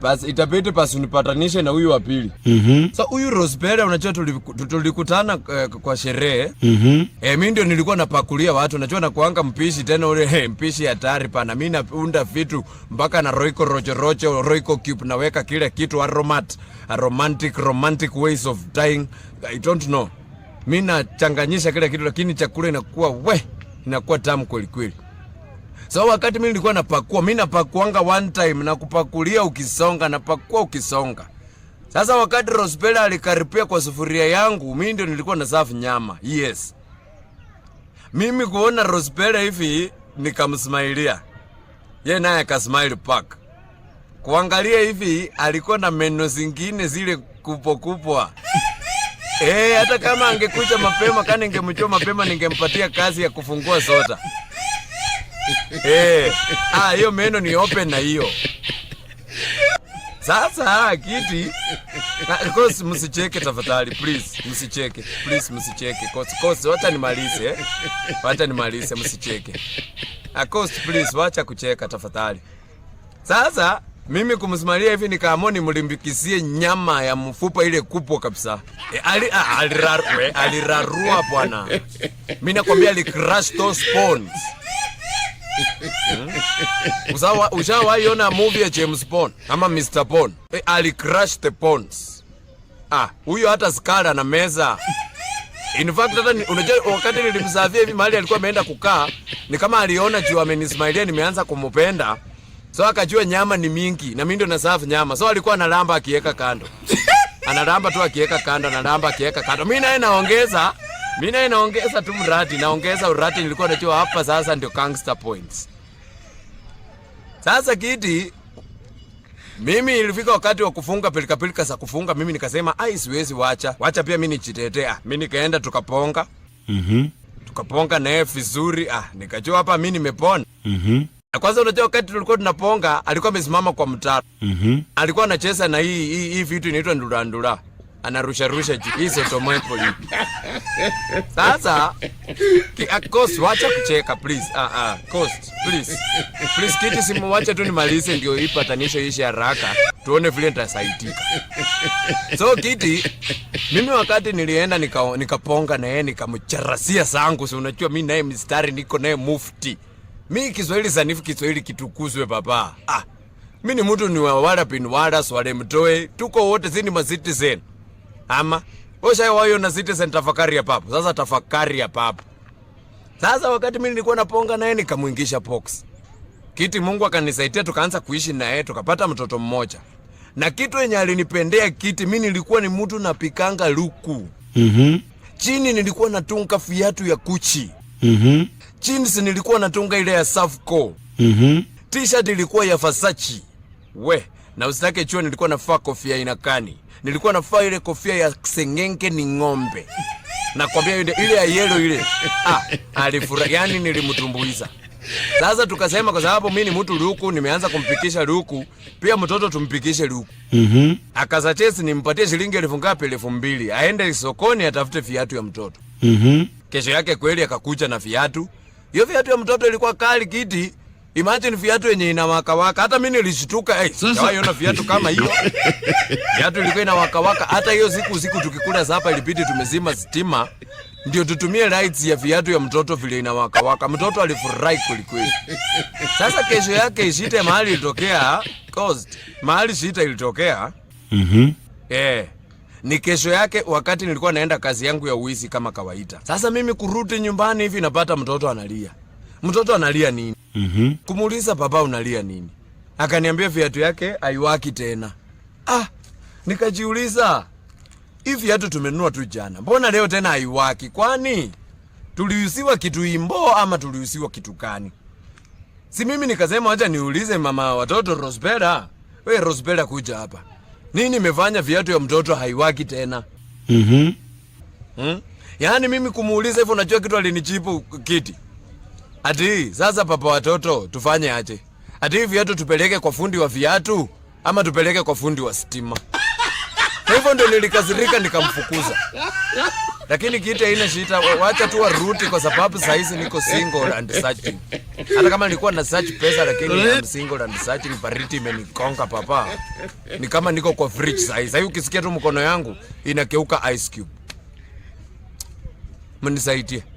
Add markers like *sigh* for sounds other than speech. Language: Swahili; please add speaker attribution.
Speaker 1: basi itabidi basi unipatanishe na huyu wa pili. mm -hmm. So huyu Rosebella unajua tulikutana eh, kwa sherehe mm -hmm. Eh, mimi ndio nilikuwa napakulia watu, unajua na kuanga mpishi tena ule hey, *laughs* mpishi hatari pana, Mimi naunda vitu mpaka na Royco Rojo Rojo, Royco cube, naweka kile kitu aromat a romantic romantic ways of dying I don't know, Mimi nachanganyisha kile kitu, lakini chakula inakuwa we inakuwa tamu kweli kweli so, wakati mimi nilikuwa napakua, mimi napakuanga one time na kupakulia ukisonga, na pakua ukisonga. Sasa wakati Rosbella alikaripia kwa sufuria yangu, mimi ndio nilikuwa na safi nyama. Yes. Mimi kuona Rosbella hivi nikamsmailia. Ye naye akasmile pack. Kuangalia hivi alikuwa na meno zingine zile kupo kupwa. Eh, hata kama angekuja mapema, kani ningemchoma mapema ningempatia kazi ya kufungua soda. Hey. Eh. Ah, hiyo meno ni open na hiyo sasa ah, kiti kosi, ah, msicheke tafadhali, please msicheke, please msicheke kosi, kosi, wacha nimalize eh, wacha nimalize, msicheke kosi, please, wacha kucheka tafadhali. Sasa mimi kumsimalia hivi nikaamua nimlimbikizie nyama ya mfupa ile kubwa kabisa e, alirarua ali, ali, bwana, mimi nakwambia ali crush those bones Ushawaiona *laughs* movie ya James Bond ama Mr Bond? E, ali crush the bonds. Ah, huyo hata skala na meza. In fact hata unajua, wakati nilimsafia hivi mahali alikuwa ameenda kukaa, ni kama aliona juu amenismailia, nimeanza kumupenda. So akajua nyama ni mingi na mimi ndio nasafu nyama. So alikuwa analamba akiweka kando. Analamba tu akiweka kando, analamba akiweka kando. Mimi naye naongeza mimi inaongeza tu mradi, naongeza urati nilikuwa najua hapa sasa ndio gangster points. Sasa kiti mimi ilifika wakati wa kufunga pilika pilika za kufunga, mimi nikasema ai, siwezi wacha. Wacha pia mimi nijitetea. Mimi nikaenda tukaponga. Mhm. Mm tukaponga naye vizuri. Ah, nikajua hapa mimi nimepona. Mhm. Mm na kwanza unajua wakati tulikuwa tunaponga alikuwa amesimama kwa mtaro. Mhm. Mm alikuwa anacheza na hii hii, hii vitu inaitwa ndura ndura anarusharusha juu hizo tomwepo. Sasa uh, Coast, wacha kucheka please. Ah ah, Coast please please, kiti simu, wacha tu nimalize ndio hii patanisho ishi haraka, tuone vile nitasaidika. So kiti, mimi wakati nilienda nika, nikaponga na yeye nikamcharasia sangu, si unajua mimi naye mistari niko naye mufti mi Kiswahili sanifu, Kiswahili kitukuzwe baba. Ah, mi ni mtu ni wawala bin wala swale mtoe, tuko wote sini ma citizen ama ushaiwayo na citizen. Tafakari ya papo sasa, tafakari ya papo sasa. Wakati mimi nilikuwa naponga naye nikamwingisha pox kiti, Mungu akanisaidia tukaanza kuishi naye tukapata mtoto mmoja, na kitu yenye alinipendea kiti, mimi nilikuwa ni mtu napikanga luku mm -hmm. chini nilikuwa natunga viatu ya kuchi mm -hmm. jeans nilikuwa natunga ile ya Safco mm -hmm. t-shirt ilikuwa ya Versace we na usitake chuo, nilikuwa nafaa kofia ina kani, nilikuwa nafaa ile kofia ya sengenge ni ng'ombe, nakwambia ile ile ya yellow ile. Ah, alifura yani, nilimtumbuiza. Sasa tukasema kwa sababu mimi ni mtu luku, nimeanza kumpikisha luku, pia mtoto tumpikishe luku. Mhm. Mm Akasachesi nimpatie shilingi elfu ngapi? elfu mbili. Aende sokoni atafute viatu ya mtoto. Mhm. Mm Kesho yake kweli akakuja na viatu. Hiyo viatu ya mtoto ilikuwa kali kiti. Imagine viatu yenye ina waka waka. Hata mimi nilishtuka, eh, Sasa sijawahi viatu kama hiyo. *laughs* Viatu ilikuwa ina waka waka. Hata hiyo siku siku tukikula hapa ilibidi tumezima stima ndio tutumie lights ya viatu ya mtoto vile ina waka waka. Mtoto alifurahi kwelikweli. Sasa kesho yake ishite mahali ilitokea, caused mahali shita ilitokea. Mhm. Mm eh. Ni kesho yake wakati nilikuwa naenda kazi yangu ya uizi kama kawaida. Sasa mimi kurudi nyumbani hivi napata mtoto analia mtoto analia nini? mm -hmm. Kumuuliza baba unalia nini? Akaniambia viatu yake haiwaki tena. Ah, nikajiuliza hivi viatu tumenunua tu jana, mbona leo tena haiwaki? Kwani tuliusiwa kitu imbo ama tuliusiwa kitu gani? Si mimi nikasema wacha niulize mama watoto Rosbera. We Rosbera, kuja hapa, nini imefanya viatu ya mtoto haiwaki tena? mm -hmm. hmm? Yaani mimi kumuuliza hivyo, najua kitu alinijibu kiti Ati sasa papa watoto tufanye aje? Ati viatu tupeleke kwa fundi wa viatu ama tupeleke kwa fundi wa stima? Hivyo ndio nilikasirika nikamfukuza. Lakini kitu haina shida, wacha tu waruti kwa sababu saa hizi niko single and searching. Hata kama nilikuwa na search pesa lakini I'm single and searching, baridi imenikonga papa. Ni kama niko kwa fridge saa hizi. Sasa ukisikia tu mkono yangu inakeuka ice cube. Mnisaidie.